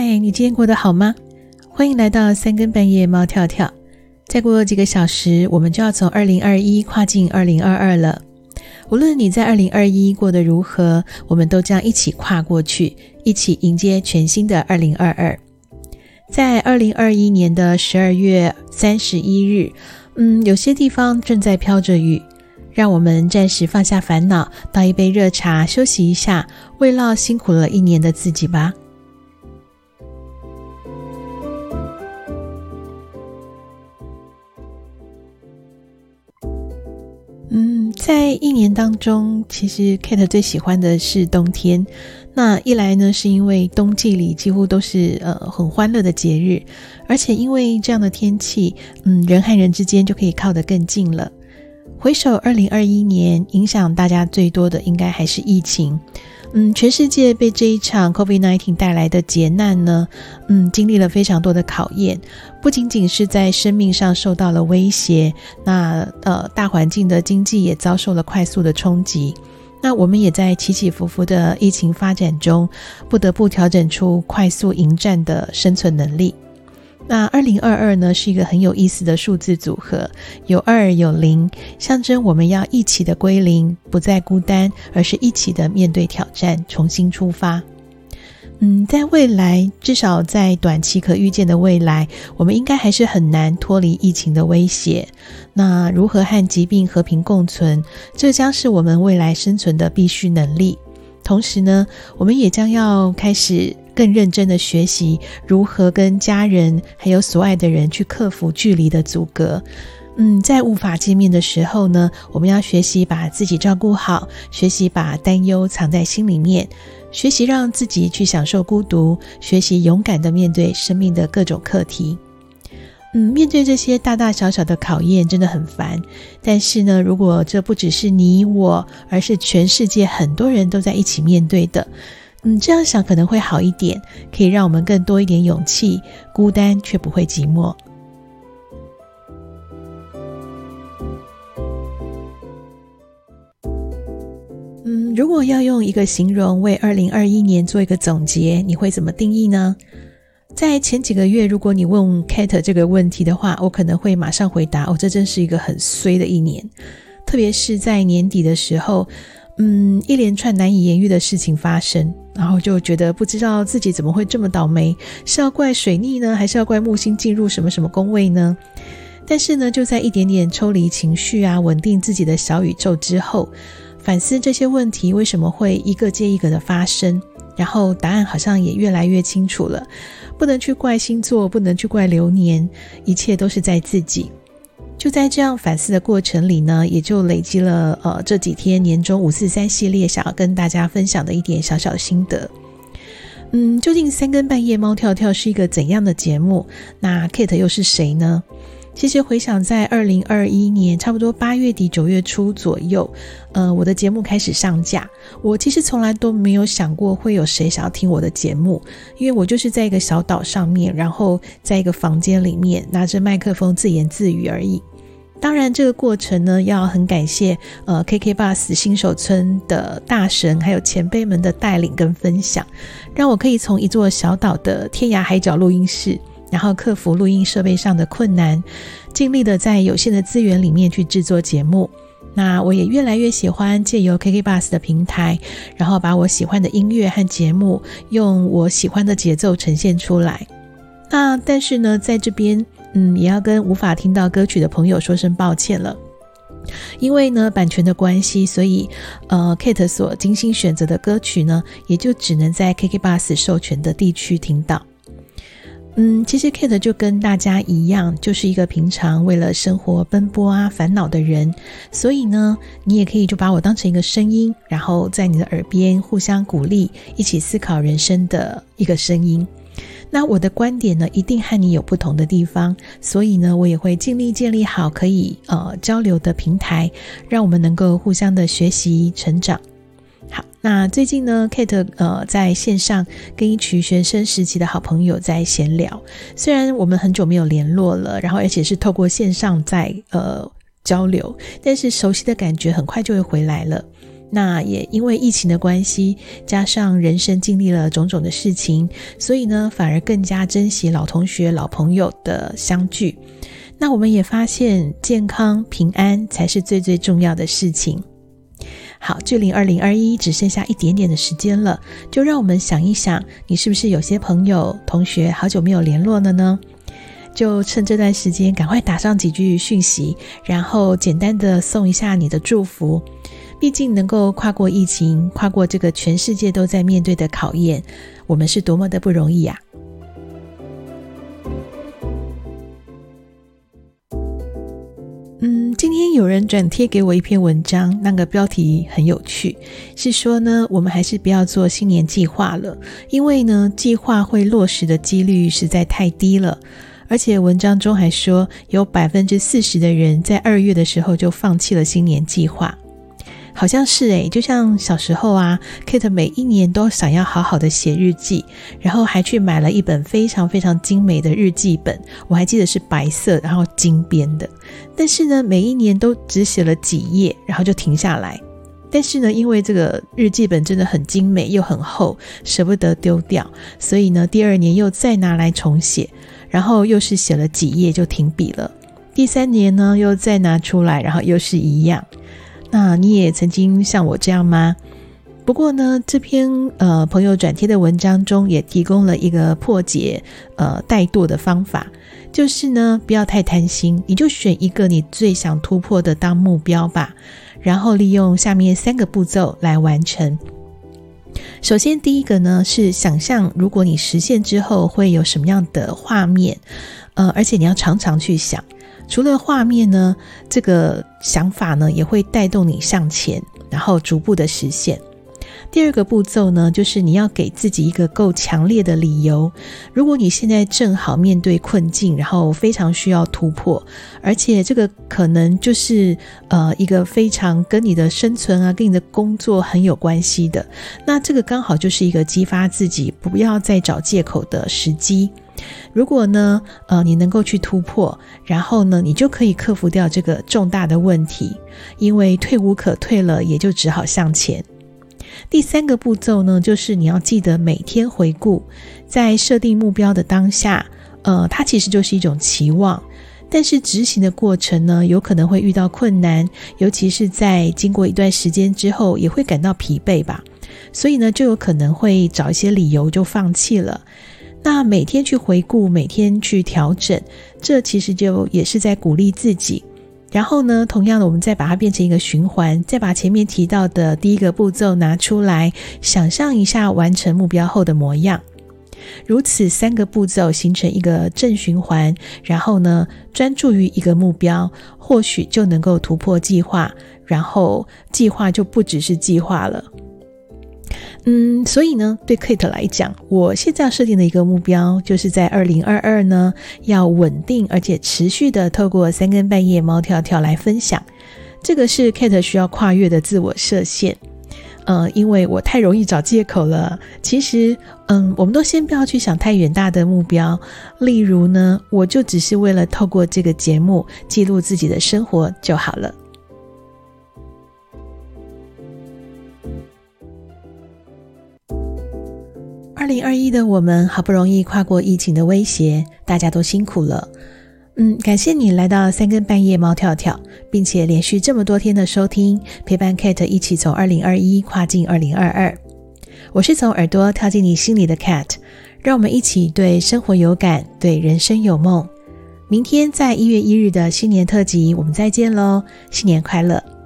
嗨，Hi, 你今天過得好嗎？歡迎來到三更半夜貓跳跳。再過幾個小時，我們就要從二零二一跨進二零二二了。無論你在二零二一過得如何，我們都將一起跨過去，一起迎接全新的二零二二。在二零二一年的十二月三十一日，嗯，有些地方正在飄着雨。讓我們暫時放下煩惱，倒一杯熱茶，休息一下，慰勞辛苦了一年的自己吧。在一年當中，其實 Kate 最喜歡的是冬天。那一來呢，是因為冬季裡幾乎都是呃很歡樂的節日，而且因為這樣的天氣，嗯，人和人之間就可以靠得更近了。回首二零二一年，影響大家最多的應該還是疫情。嗯，全世界被這一場 COVID-19 帶來的劫難呢，嗯，經歷了非常多的考驗，不僅僅是在生命上受到了威脅，那呃，大環境的經濟也遭受了快速的衝擊。那我們也在起起伏伏的疫情發展中，不得不調整出快速迎戰的生存能力。那二零二二呢，是一個很有意思的數字組合，有二有零，象徵我們要一起的歸零，不再孤單，而是一起的面對挑戰，重新出發。嗯，在未來，至少在短期可預見的未來，我們應該還是很難脫離疫情的威脅。那如何和疾病和平共存，這將是我們未來生存的必需能力。同時呢，我們也將要開始。更認真的學習如何跟家人還有所愛的人去克服距離的阻隔。嗯，在無法見面的時候呢，我們要學習把自己照顧好，學習把擔憂藏在心裡面，學習讓自己去享受孤獨，學習勇敢地面對生命的各種課題。嗯，面對這些大大小小的考驗，真的很煩。但是呢，如果這不只是你我，而是全世界很多人都在一起面對的。嗯，這樣想可能會好一點，可以讓我們更多一點勇氣，孤單卻不會寂寞。嗯，如果要用一個形容為二零二一年做一個總結，你會怎麼定義呢？在前幾個月，如果你問 Kate 這個問題的話，我可能會馬上回答：我、哦、這真是一個很衰的一年，特別是在年底的時候，嗯，一連串難以言喻的事情發生。然後就覺得不知道自己怎麼會這麼倒霉，是要怪水逆呢，還是要怪木星進入什麼什麼宮位呢？但是呢，就在一點點抽離情緒啊，穩定自己的小宇宙之後，反思這些問題為什麼會一個接一個的發生，然後答案好像也越來越清楚了。不能去怪星座，不能去怪流年，一切都是在自己。就在這樣反思的過程裡呢，也就累積了呃這幾天年終五四三系列想要跟大家分享的一點小小心得。嗯，究竟三更半夜貓跳跳是一個怎樣的節目？那 Kate 又是誰呢？其實回想在2021，在二零二一年差不多八月底九月初左右，呃，我的節目開始上架。我其實從來都沒有想過會有誰想要聽我的節目，因為我就是在一個小島上面，然後在一個房間裡面拿着麥克風自言自語而已。當然，這個過程呢，要很感謝呃 KK Bus 新手村的大神還有前輩們的帶領跟分享，讓我可以從一座小島的天涯海角錄音室。然後克服錄音設備上的困難，盡力的在有限的資源裡面去制作節目。那我也越來越喜歡借由 KKBOX 的平台，然後把我喜歡的音樂和節目用我喜歡的節奏呈現出來。那、啊、但是呢，在這邊，嗯，也要跟無法聽到歌曲的朋友說聲抱歉了，因為呢，版權的關係，所以呃 Kate 所精心選擇的歌曲呢，也就只能在 KKBOX 授權的地區聽到。嗯，其實 Kate 就跟大家一樣，就是一個平常為了生活奔波啊、煩惱的人。所以呢，你也可以就把我當成一個聲音，然後在你的耳邊互相鼓勵，一起思考人生的一個聲音。那我的觀點呢，一定和你有不同的地方，所以呢，我也會盡力建立好可以，呃，交流的平台，讓我們能夠互相的學習成長。那最近呢，Kate，呃，在線上跟一群學生時期的好朋友在閒聊。雖然我們很久沒有聯絡了，然後而且是透過線上在呃交流，但是熟悉的感覺很快就會回來了。那也因為疫情的關係，加上人生經歷了種種的事情，所以呢，反而更加珍惜老同學、老朋友的相聚。那我們也發現，健康平安才是最最重要的事情。好，距離二零二一只剩下一點點的時間了，就讓我們想一想，你是不是有些朋友、同學好久沒有聯絡了呢？就趁這段時間，趕快打上幾句訊息，然後簡單的送一下你的祝福。畢竟能夠跨過疫情，跨過這個全世界都在面對的考驗，我們是多麼的不容易呀、啊！今天有人轉貼給我一篇文章，那個標題很有趣，是說呢，我們還是不要做新年計劃了，因為呢，計劃會落實的幾率實在太低了。而且文章中還說，有百分之四十的人在二月的時候就放棄了新年計劃。好像是誒、欸，就像小時候啊，Kate 每一年都想要好好的寫日記，然後還去買了一本非常非常精美的日記本，我還記得是白色，然後金邊的。但是呢，每一年都只寫了幾頁，然後就停下來。但是呢，因為這個日記本真的很精美又很厚，捨不得丟掉，所以呢，第二年又再拿來重寫，然後又是寫了幾頁就停筆了。第三年呢，又再拿出來，然後又是一樣。那你也曾經像我這樣嗎？不過呢，這篇呃朋友轉貼的文章中也提供了一個破解呃怠惰的方法，就是呢，不要太貪心，你就選一個你最想突破的當目標吧，然後利用下面三個步驟來完成。首先第一個呢是想象，如果你實現之後會有什麼樣的畫面，呃，而且你要常常去想。除了畫面呢，這個想法呢也會帶動你向前，然後逐步的實現。第二個步驟呢，就是你要給自己一個夠強烈的理由。如果你現在正好面對困境，然後非常需要突破，而且這個可能就是呃一個非常跟你的生存啊、跟你的工作很有關係的，那這個剛好就是一個激發自己不要再找借口的時機。如果呢，呃，你能夠去突破，然後呢，你就可以克服掉這個重大的問題，因為退無可退了，也就只好向前。第三個步驟呢，就是你要記得每天回顧，在設定目標的當下，呃，它其實就是一種期望，但是執行的過程呢，有可能會遇到困難，尤其是在經過一段時間之後，也會感到疲憊吧，所以呢，就有可能會找一些理由就放棄了。那每天去回顧，每天去調整，這其實就也是在鼓勵自己。然後呢，同樣的，我們再把它變成一個循環，再把前面提到的第一個步驟拿出來，想象一下完成目標後的模樣。如此三個步驟形成一個正循環，然後呢，專注於一個目標，或許就能夠突破計劃，然後計劃就不只是計劃了。嗯，所以呢，對 Kate 來講，我現在要設定的一個目標，就是在二零二二呢，要穩定而且持續的透過三更半夜貓跳跳來分享，這個是 Kate 需要跨越的自我設限。呃，因為我太容易找借口了。其實，嗯，我們都先不要去想太遠大的目標，例如呢，我就只是為了透過這個節目記錄自己的生活就好了。二零二一的我們好不容易跨過疫情的威脅，大家都辛苦了。嗯，感謝你來到三更半夜貓跳跳，並且連續這麼多天的收聽，陪伴 Kate 一起從二零二一跨進二零二二。我是從耳朵跳進你心裡的 Cat，讓我們一起對生活有感，對人生有夢。明天在一月一日的新年特輯，我們再見嘍！新年快樂！